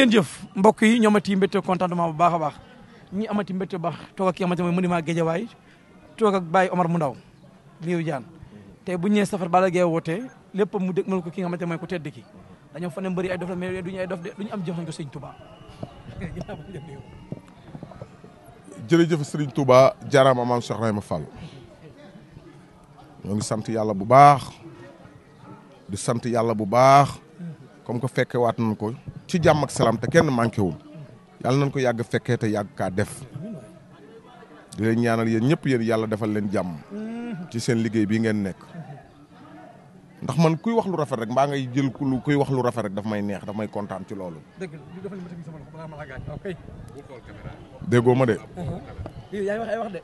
ngeen jëf mbokk yi ñu amati mbétte contentement bu baax a baax ñi amati mbétte bu baax toog ak ki amati mooy a Guédiawaye toog ak Baye Omar mu ndaw Lirou Diane tey bu ñu nee safar Balla Gaye woote lépp mu dëgg mën ko ki nga xamante mooy ku tedd ki dañoo fa ne mbëri ay dof la mais duñu ay dof de duñu am joxañ ko Serigne Touba jërëjëf Serigne Touba jaaraama maam Cheikh Rahima Fall ñoo ngi sant yàlla bu baax du sant yàlla bu baax comme que fekke waat nañ ko ci jàmm ak salaam te kenn manqué wul yàlla nañ ko yàgg fekkee te yàgg kaa def di leen ñaanal yéen ñëpp yéen yàlla defal leen jàmm ci seen liggéey bi ngeen nekk ndax man kuy wax lu rafet rek mbaa ngay jël ku kuy wax lu rafet rek daf may neex daf may kontaan ci loolu. dëgg déggoo ma uh-huh. de.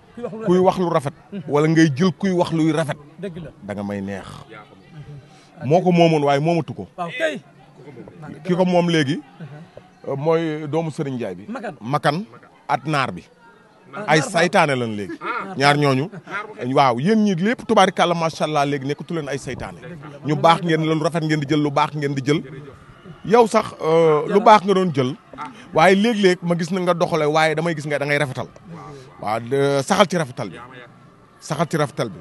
kuy wax lu rafet. Uh-huh. wala ngay jël kuy wax luy rafet. dëgg la may neex. Uh-huh. moo ko moomoon waaye moomatu ko. ki ko moom léegi. Euh, mooy doomu Serigne Ndiaye bi. Makan at naar bi. Ah, ay saytaane lan léegi. Ah, ñaar ñooñu. waaw yéen ñi lépp tubaarikàlla macha allah léegi nekkatu leen ay seytaane ñu baax ngeen loolu rafet ngeen di jël lu baax ngeen di jël. yow sax euh, lu baax nga doon jël. Ah. waaye léeg-léeg ma gis na nga doxale waaye damay gis nga da ngay rafetal. waaw saxal ci rafetal bi. saxal ci rafetal bi.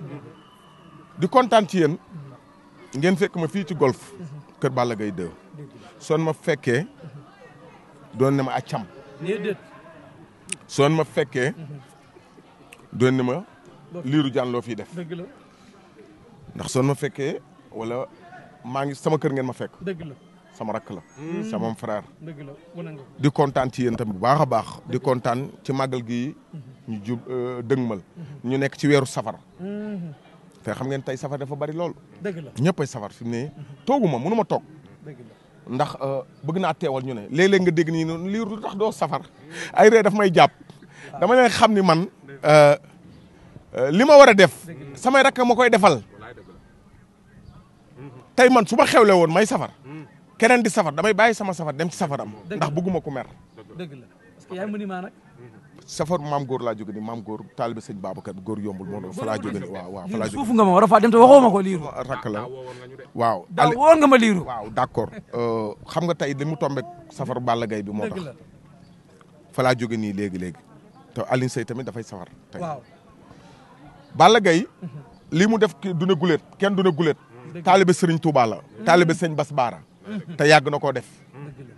di kontaan ci yéen. Mm-hmm. ngeen fekk ma fii ci golf. Mm-hmm. kër Balla Gaye 2 son ma fekkee doon na ma accam son ma fekkee doon ma liiru jaan fii def ndax soon ma fekkee wala maa ngi sama kër ngeen ma fekk sama rakk la hmm. sama frère di kontaan ci yéen tam bu baax a baax di kontaan ci màggal gi ñu jub euh, dëgmal hmm. ñu nekk ci weeru safar hmm. te xam ngeen tey safar dafa bari lool. dëgg la ñëppay safar fi mu ne toogu ma mënu ma toog. dëgg ndax euh, bëgg naa teewal ñu ne léeg nga dégg nii noonu lii lu doo safar ay ree may jàpp dama leen xam ni man euh, euh, li ma war a def samay rek ma koy defal tey man su ma xewle woon may safar hmm. keneen di safar damay bàyyi sama safar dem ci safaram ndax bëgguma ku mer. dëgg parce que yaay mën maa nag. safar maam góor laa jóge ni maam góor taalibe sëñ Babacar góor yombul moo doon fa laa jóge ni waaw waaw fa laa jóge foofu nga ma a faa dem te waxoo ma ko waaw daaw ah, woon waaw euh, xam nga tey li mu tombé safar Balla Gaye bi moo tax fa laa jóge nii léegi léegi te Alioune tamit dafay safar tey waaw Balla mhm. lii mu def du na guléet kenn du na guléet taalibe sëriñ Touba la taalibe mhm. sëñ Bas Baara mhm. te yàgg na koo def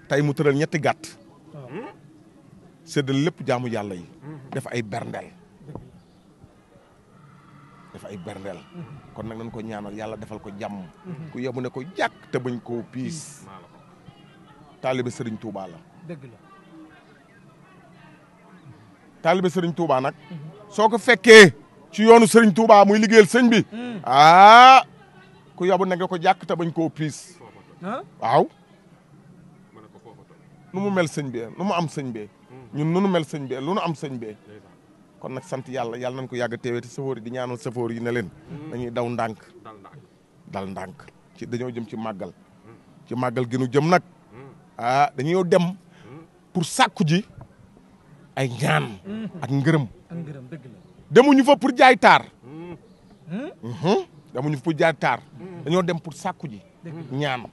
tey mu tëral ñetti gàtt séddale lépp jaamu yàlla yi. def ay berndeel. def ay berndeel. kon nag nañ ko ñaanal yàlla defal ko jàmm. ku yemu ne ko jàkk te bañ koo piis. taalibe Serigne Touba la. dëgg la. taalibe Serigne Touba nag. soo ko fekkee ci yoonu Serigne Touba muy liggéeyal sëñ bi. ah ku yemu ne ko jàkk te bañ koo piis. waaw. nu mu mel sëñ bi nu mu am sëñ bi. ñun nunu mel sëñ be lu nu am sëñ bee kon nag sant yàlla yàlla nañ ko yàgg teewee te safoor yi di ñaanal safoor yi ne leen dañuy mm. daw ndànk dal ndànk ci dañoo jëm ci màggal mm. ci màggal gi nu jëm nag mm. ah dañoo dem pour sàkku ji ay ñaan ak ngërëm demuñu fa pour jaay taar demuñu fa pour dañoo dem pour sàkku ji ñaan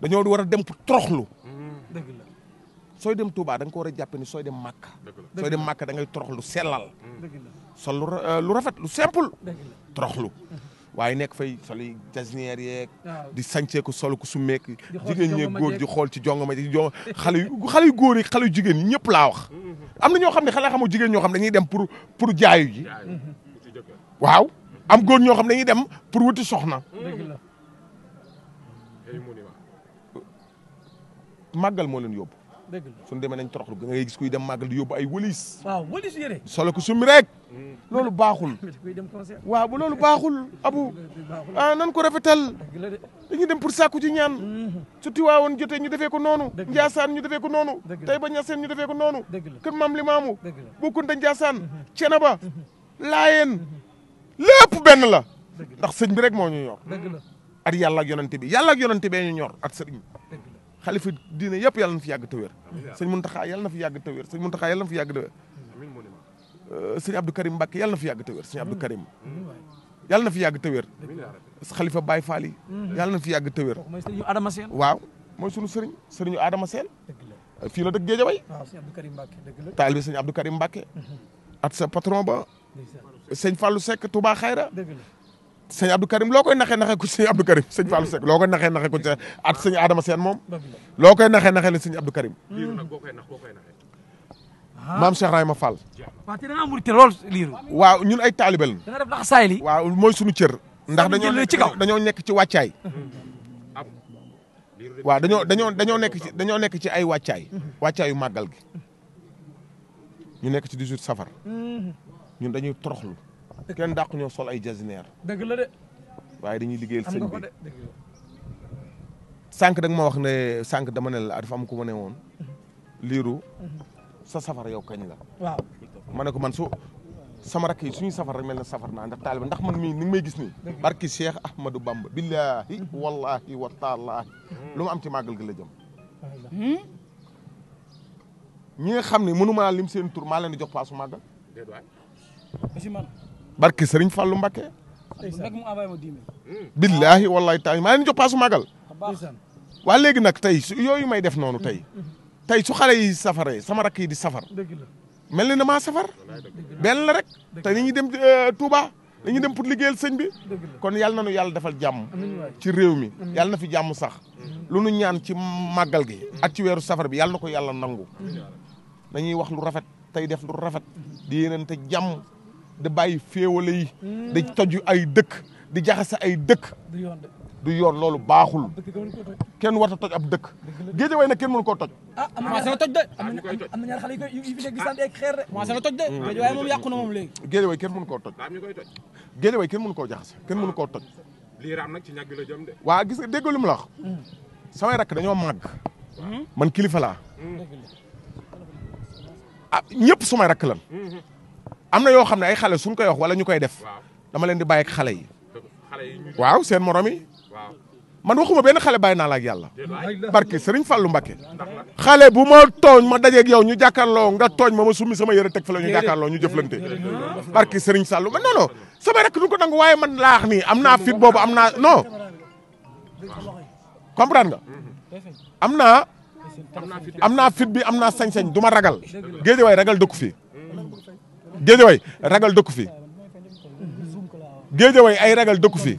dañoo war a dem pour toroxlu sooy dem Touba danga nga ko war a jàpp sooy dem Màkka sooy dem Màkka da ngay toroxlu sellal mm. sol euh, lu rafet lu simple troxlu mm-hmm. waaye nekk fay soli jasinière yeeg di sànceeku sol ku summeek jigéen ñee góor ji xool ci jongoma ji jo xale yu xale yu góor yi xale yu jigéen yi ñëpp laa wax mm-hmm. am na ñoo xam ne xale xamu jigéen ñoo xam dañuy dem pour pour jaayu ji mm-hmm. waaw am góor ñoo xam dañuy dem pour wuti soxna màggal moo leen yóbbu dëgg la suñu demee nañ toroxlu ga ngay gis kuy dem màggal di yóbbu ay wëlis waaw wëlis yére solo ko summi rek hmm. loolu baaxul waa bu loolu baaxul abu ah nan ko rafetal dañuy dem pour sàkku ci ñaan hmm. su tiwaawoon jotee ñu defee ko noonu njaasaan ñu defee ko noonu tey ba ñaseen ñu defee ko noonu kër maam limaamu bokkunta njaasaan hmm. cena ba laayeen lépp benn la ndax sëñ bi rek moo ñu ñor at yàlla ak yonante bi yàlla ak yonante ñu ñor at sëriñ xalifa diine yëpp yàlla na fi yàgg te wér sëñ Muntaxa yàlla na fi yàgg te wér sëñ Muntaxa yàlla na fi yàgg te wér euh, sëñ Abdou Karim Mbacke yàlla na fi yàgg te wér sëñ Abdou Karim yàlla na fi yàgg te wér xalifa Baye Fall yi mhm. yàlla na fi yàgg te wér waaw mooy sunu sëriñ sëriñu Adama Seen fii la dëkk Géejawaay taalibe sëñ Abdou Karim Mbacke at mhm. sa patron ba sëñ Fallou Seck Touba Xayra sëñ Abdou Karim loo koy naxee naxee ko sëñ Abdou Karim sëñ Fallou Seck loo koy naxee naxee ko sëñ at sëñ Adama Sène moom loo koy naxee naxee la sëñ Abdou Karim ah. maam Cheikh Rahima Fall waaw te da ngaa murit lool liiru ñun ay taalibe lañ saay li waaw mooy suñu cër ndax dañoo dañoo nekk ci wàccaay mm-hmm. waaw dañoo dañoo dañoo nekk ci dañoo nekk ci ay wàccaay wàccaayu màggal gi ñu nekk ci 18 safar mm-hmm. ñun dañuy toroxlu kenn dàq ñoo sol ay jasineer dëgg la de. waaye dañuy liggéeyal sëñ bi sànq da nga ma wax ne sànq dama ne a dafa am ko ma ne woon. liiru sa safar yow kañ la. waaw ma ne ko man su sama rakk yi suñu safar rek mel na safar naa ndax taaliba ndax man mii ni may gis nii. barki Cheikh Ahmadou Bamba. billaahi mm-hmm. wallaahi wa taalaahi. lu ma am ci màggal gi la jëm. Hmm? ñi nga xam ne mënuma maa lim seen tur maa leen di jox paasu màggal. barki Serigne Fallou Mbacké. billaahi wallaahi taala maa leen jox paasu màggal. waa léegi nag tey su yooyu may def noonu tey. Mm-hmm. tey su xale yi safara yi sama rakk yi di safar. mel ni maa safar. benn la rek te ni ñuy dem euh, Touba. dañuy dem pour liggéeyal sëñ bi. kon yàlla na nu yàlla defal jàmm. ci réew mi yàlla na fi jàmm sax. Mm-hmm. lu nu ñaan ci màggal gi. ak ci weeru safar bi yàlla na ko yàlla nangu. nañuy mm-hmm. wax lu rafet tey def lu rafet. di te jàmm. da bàyyi féewale yi. di toj ay dëkk di jaxase ay dëkk. du yoon loolu baaxul kenn war a toj ab dëkk Guédiawaye nag kenn mënu koo toj ah commencé na na ñaar xale yu fi nekk sant ak xeer de commencé na toj de hmm. moom yàqu moom léegi Guédiawaye kenn mënu koo toj Guédiawaye kenn mënu koo jaxase kenn mënu toj nag ci ñàgg la jëm waa gis nga dégg lu la wax hmm. samay rakk dañoo màgg hmm. man kilifa laa ah ñëpp sumay rakk lan am na yoo xam ne ay xale suñ koy wax wala ñu koy def dama leen di bàyyi ak xale yi waaw seen morom yi man waxuma benn xale bàyyi naa la ak yàlla barke Serigne Fallou Mbacké xale bu ma tooñ ma dajeek yow ñu jàkkaarloo nga tooñ ma ma summi sama yëre teg fa la ñu jàkkaarloo ñu jëflante barke Serigne Sallou man non non sama rek duñ ko nangu waaye man laax nii am naa fit boobu am naa noo comprendre nga am naa am naa fit bi am naa sañ-sañ du ma ragal géej waay ragal dëkku fii géejawaay ragal dëkku fi géejawaay ay ragal dëkku fi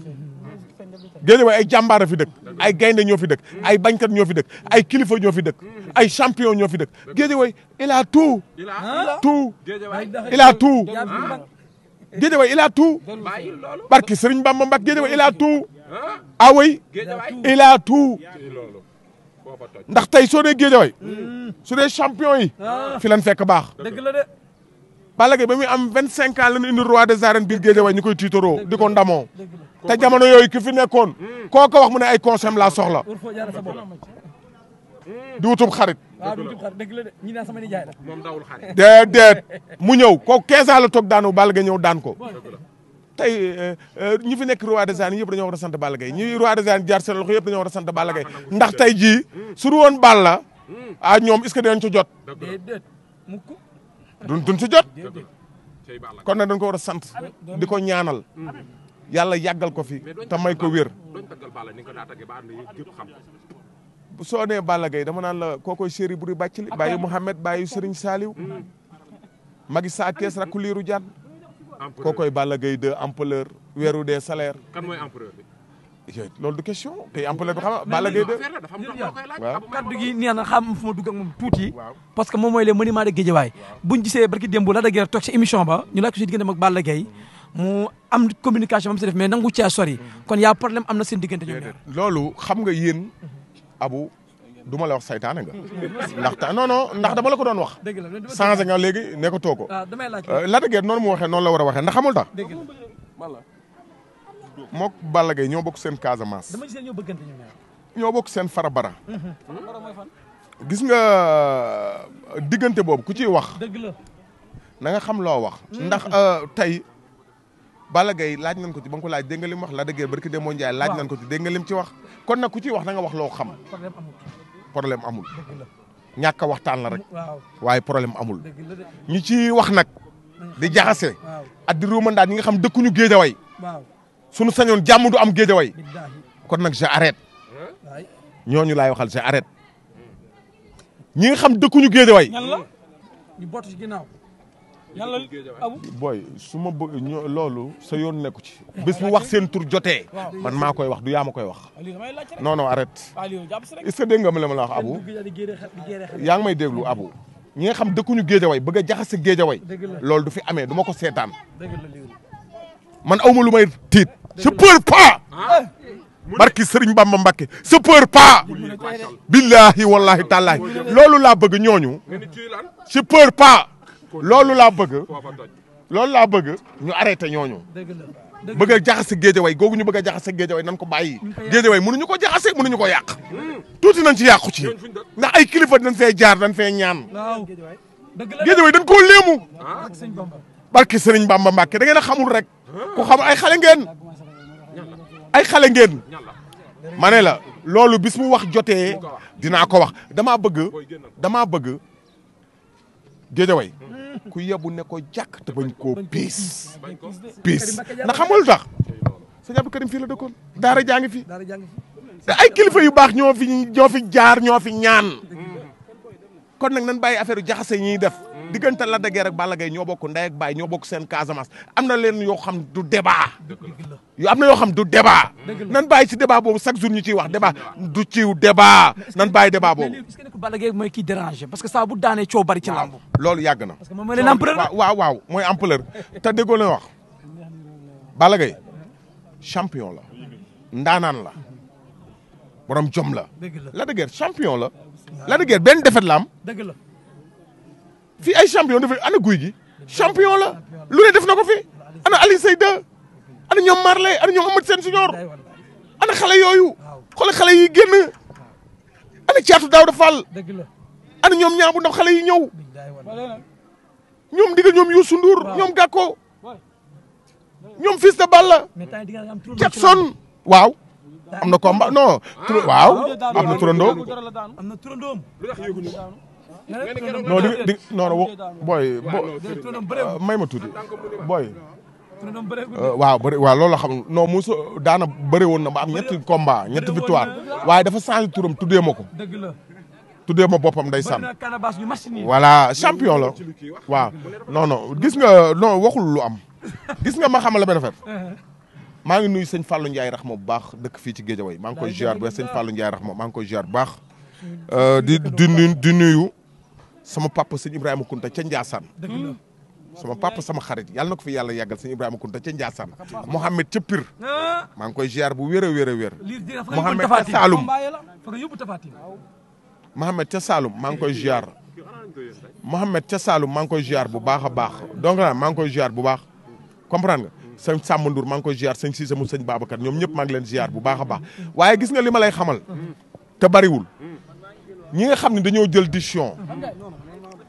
géejawaay ay jàmbaar a fi dëkk ay gaynde ñoo fi dëkk ay bañkat ñoo fi dëkk ay kilifa ñoo fi dëkk ay champion ñoo fi dëkk géejawaay il a tout tout il a tout géejawaay il a tout barki Sëriñ Bamba Mbak géejawaay il a tout away il a tout ah ndax tey soo dee géejawaay su dee champion yi fi fekk baax Balla Gaye ba muy am vingt cinq ans la ñu indi roi des arènes biir Guédiawaye ñu koy tiitaroo di ko ndamoo te jamono yooyu ki fi nekkoon koo ko wax mu ne ay conseil laa soxla di wutub xarit déedéet mu ñëw kooku quinze ans la toog daanu Balla ñëw daan ko tey euh, ñi fi nekk roi des arènes yëpp dañoo war a sant Balla Gaye ñi roi des arènes jaar seen loxo yëpp dañoo war a sant ndax tey jii su dul woon Balla a ah, ñoom est-ce que dinañ jot. duñ duñ si jot kon na dañ ko war a sant di ko ñaanal yàlla yàggal ko fi te may ko wér soo nee Balla Gaye dama naan la kookoy chéri buri bàcc li bàyyi Mouhamed bàyyi Serigne Saliou mm. magi saa kees rakku liiru jaan kookoy Balla Gaye de empereur weeru des salaires kan mooy empereur bi loolu du question te am peut-être xam Balla Gaye de kaddu gi neex na xam fu ma dugg tuuti parce que moom mooy les monuments de Guédiawaye buñ gisee barki démb la da toog ci émission ba ñu laaj ko ci diggante ak Balla Gaye mu am communication ba mu si def mais nangu cee sori kon y a problème am na seen diggante ñoom loolu xam nga yéen abu du la wax saytaane nga ndax non non ndax dama la ko doon wax changé nga léegi ne ko too ko la da guerre noonu mu waxee noonu war a waxee ndax xamul tax mook Balla Gaye ñoo bokk seen Casamance. dama gisee ñoo bëggante ñu bokk seen farabara. Mhm. gis nga euh, diggante boobu ku ciy wax. dëgg la nga xam loo wax. Mhm. ndax euh, tey Balla Gaye laaj nañ ko ci ba laaj dégg nga lim wax la dëggee barki Demba Ndiaye laaj nañ ko ci dégg nga lim ci wax kon nag ku ciy wax na wax loo xam. problème amul problème amul. ñàkk waxtaan la rek. waaye problème amul. ñu ci wax nag. di jaxase. at di ñi nga xam dëkkuñu géejaway. sunu sañoon jàmm du am géejawaay kon nag j'arrête ñooñu laay waxal j'arrête ñi nga xam dëkkuñu géejawaay. ñan la ñu bootu ci ginnaaw. yàlla booy su ma bëgg loolu sa yoon nekku ci. bés bu wax seen tur jotee. man maa koy wax du yaa ma koy wax. non non arrête. est-ce que dégg nga ma la ma la wax Abu. yaa ngi may déglu Abu. ñi nga xam dëkkuñu géejaway bëgg a jaxase géejaway. loolu du fi amee du ma ko seetaan. man awma lu may tiit je peur pas barki sëriñ Bamba Mbakke je peur pas billahi wallahi tallahi loolu laa bëgg ñooñu je peur pa loolu laa bëgg loolu laa bëgg ñu arrêté ñooñu bëgg a jaxase géejaway googu ñu bëgg a jaxase géejaway nan ko bàyyi géejaway mënuñu ko jaxase mënuñu ko yàq tuuti nañ ci yàqu ci ndax ay kilifa dañ fee jaar dañ fee ñaan géejaway dañ koo léemu ah. barki sëriñ Bamba Mbakke da ngeen a xamul rek ku xam ay xale ngeen ay xale ngeen ma ne la loolu bis mu wax jotee dinaa ko wax damaa bëgg damaa bëgg Géejawaay ku yebu ne ko jàkk te bañ koo piis piis na xamul tax sëñ Abdou Karim fii la dëkkoon daara jaa ngi fi ay kilifa yu baax ñoo fi ñoo fi jaar ñoo fi ñaan kon nag nañ bàyyi affaire yu jaxase ñuy def diggante Lac de Guiers ak Balla Gaye ñoo bokk ndey ak baay ñoo bokk seen Casamance am na leen yoo xam du débat am na yoo xam du débat nan bàyyi si débat boobu chaque jour ñu ciy wax débat du ciw débat nan bàyyi débat boobu est-ce que Balla Gaye mooy kii déranger parce que saa bu daanee bari ci lamb loolu yàgg na parce que moom mooy leen ampleur waaw waaw mooy ampleur te déggoo wax Balla Gaye champion la ndaanaan la borom jom la Lac de champion la Lac de Guiers benn defet la fii ay champion dafa ana guy gi champion la lu ne def na ko fi ana Alioune Seye 2 ana ñoom Marley ana ñoom Amadou Sène Junior ana xale yooyu xoolal xale yi génn ana caatu Daouda Fall ana ñoom ñaabu ndax xale yi ñëw ñoom digal ñoom Youssou Ndour ñoom Gakko ñoom fils de Balla waaw am na combat non waaw am na turandoo non di di booy may ma tuuti booy euh, waaw bëri waaw loolu la xam non Moussa daana bëri woon na ba am ñetti combat ñetti victoire waaye dafa changé turam tuddee ma ko tuddee ma boppam day sànn voilà champion la waaw non non gis nga non waxul lu am gis nga ma xamal la benn affaire uh-huh. maa ngi nuyu sëñ Fallou Ndiaye raxma bu baax dëkk fii ci Guédiawaye maa ngi koy ziar bu baax sëñ Fallou maa ngi koy ziar bu baax euh, di di di nuyu sama papa sëñ Ibrahima ca Ndiassane sama papa sama xarit yàlla na ko fi yàlla yàggal sëñ Ibrahima Kunta ca Ndiassane Mohamed ca Pire ah. maa ngi koy ziar bu wér a wér a wér Mohamed ca Saloum Mohamed ca Saloum maa ngi koy ziar Mohamed ca Saloum maa ngi koy ziar bu baax a baax donc nag maa ngi koy ziar bu baax comprendre nga sëñ Samba Ndour koy ziar sëñ Cissé mu sëñ Babacar ñoom ñëpp maa ngi leen ziar bu baax a baax waaye gis nga li ma lay xamal te bariwul ñi nga xam ne dañoo jël décision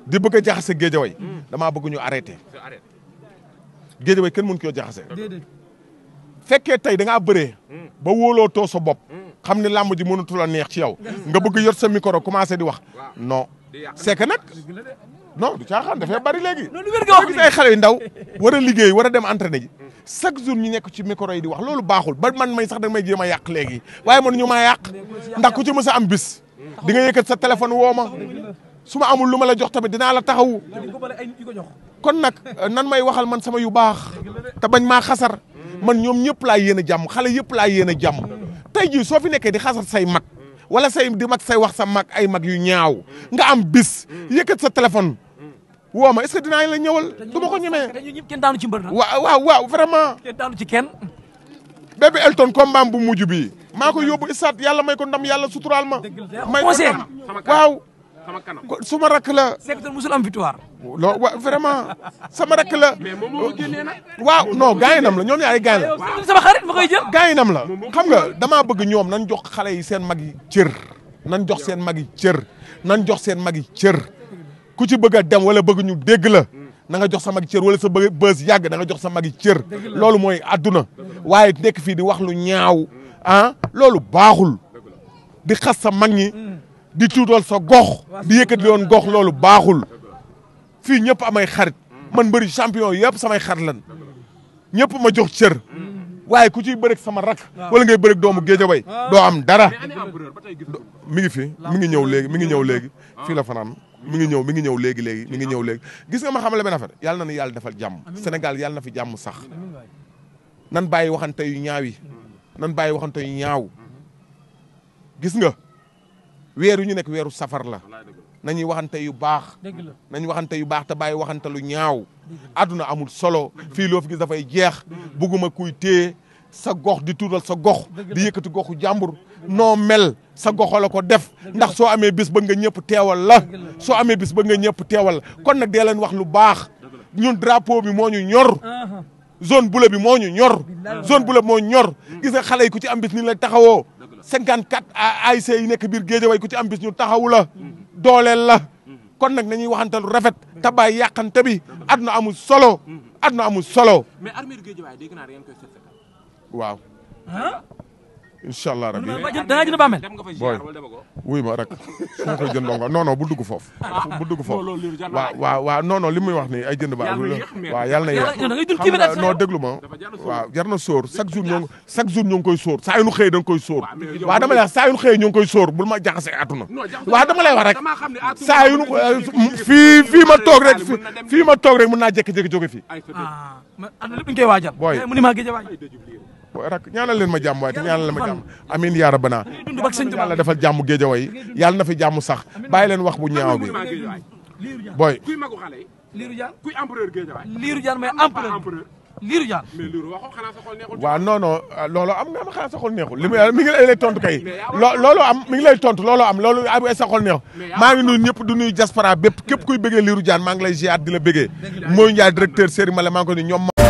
di bëgg a jaxase géejaway mm. damaa bëgg ñu arrêté géejaway kenn mën koo jaxase fekkee tey dangaa ngaa bëree mm. ba wóoloo too sa bopp mm. xam ne làmb ji mënatu la neex ci yow nga bëgg yor sa micro commencé di wax non c'est que nag non du caaxaan dafay bari léegi gis ay xale yu ndaw war a liggéey war a dem entraîné ji chaque jour ñu nekk ci micro yi di wax loolu baaxul ba man may sax da may jéem a yàq léegi waaye man ñu maa yàq ndax ku ci mës a am bis di nga yëkkat sa téléphone wooma ma su ma amul lu ma la jox tamit dinaa la taxawu kon nag euh, nan may waxal man sama yu baax te bañ maa xasar man ñoom ñëpp laa yéen jàmm xale yëpp laa yéen a jàmm tey jii soo fi nekkee di xasar say mag wala say di mag say wax sa mag ay mag yu ñaaw nga am bis yëkkat sa téléphone woo ma est-ce la ñëwal du ma ko ñemee kenn daanu ci mbër waaw waaw waaw vraiment kenn daanu ci kenn bébé Elton combat bu mujj bii maa ko yóbbu isaat yàlla may ko ndam yàlla suturaal ma. may ko ndam waaw. su ma rakk la. Sekk musul am victoire. loo wa vraiment sama rakk la. mais moo génnee nag. waaw non gaañ nam la ñoom ñaari gaañ la. sama xarit ma koy jël. gaañ nam la xam nga damaa bëgg ñoom nan jox xale yi seen mag yi cër. nan jox seen mag yi cër. nan jox seen mag yi cër. ku ci bëgg a dem wala bëgg ñu dégg la. na nga jox sa mag wala sa bë bës yàgg na nga jox sa mag yi cër. loolu mooy àdduna. waaye nekk fii di wax lu ñaaw. ah loolu baaxul di xas sa mag ñi mm. di tuutal sa gox di yëkkati doon gox loolu baaxul fii ñëpp amay xarit mm. man mbëri champion yëpp samay xarit lan ñëpp ma jox cër mm. waaye ku ci bërek sama rak wala ngay bërek doomu géejaway ah. doo am dara mi ngi fi mi ngi ñëw léegi mi ngi ñëw léegi fii la fanaan mi ngi ñëw mi ngi ñëw léegi léegi mi ngi ñëw léegi gis nga ma xamale benn affaire yàlla na ni yàlla defal jàmm Sénégal yàlla na fi jàmm sax nan bàyyi waxante yu ñaaw nan bàyyi waxante yu ñaaw gis nga weeru ñu nekk weeru safar la nañuy waxante yu baax nañ waxante yu baax te bàyyi waxante lu ñaaw àdduna amul solo fii loo fi gis dafay jeex bugguma kuy téye sa gox di tuural sa gox di yëkkati goxu jàmbur noo mel sa goxo la ko def ndax soo amee bis ba nga ñëpp teewal la soo amee bis ba nga ñëpp teewal kon nag dee leen wax lu baax ñun drapeau bi moo ñu ñor zone bula bi moo ñu ñor zone bula moo ñu ñor gis nga xale yi ku ci am bis ni la taxawoo cinquante quatre ASC yi nekk biir Guédiawaye ku ci am bis ñu taxawu dooleel la kon nag nañuy waxantal rafet tabaay yàqante bi àdduna amul solo àdduna amul solo mais armée Guédiawaye dégg naa da ngeen koy waaw incha allah rabi dana jënd bàmmeel booy wuy ma rek su ma koy jëndoo nga non bu dugg foofu bu dugg foofu waaw waa waaw non non li wax nii ay jënd ba waaw yàlla na yéex xam nga non déglu ma waaw jar na sóor chaque jour ñoo chaque jour ñoo ngi koy sóor saa yu nu xëyee da nga koy sóor waaw dama lay wax saa yu nu xëyee ñoo ngi koy sóor bul ma jaxase na waaw dama lay wax rek saa yu nu fii fii ma toog rek fii ma toog rek mën naa jékki-jékki jóge fii booy rak ñaanal leen ma jàmm waaye te ñaanal leen ma jàmm amiin yaa rabbana yàlla defal jàmm géejawaay yàlla na fi jàmm sax bàyyi leen wax bu ñaaw bi booy liiru jaan kuy empereur géejawaay liiru jaan mais empereur liiru jaan mais liiru waxoo xanaa sa xol neexul waaw non non ah, loolu am nga am mi ngi lay tontu kay loolu am mi ngi lay tontu sa xol neexul maa ngi nuyu ñëpp du nuyu diaspora bépp képp kuy bëggee liiru jaan maa ngi lay ziar di la bëggee mooy Ndiaye directeur Serigne Malé maa ngi ko ñoom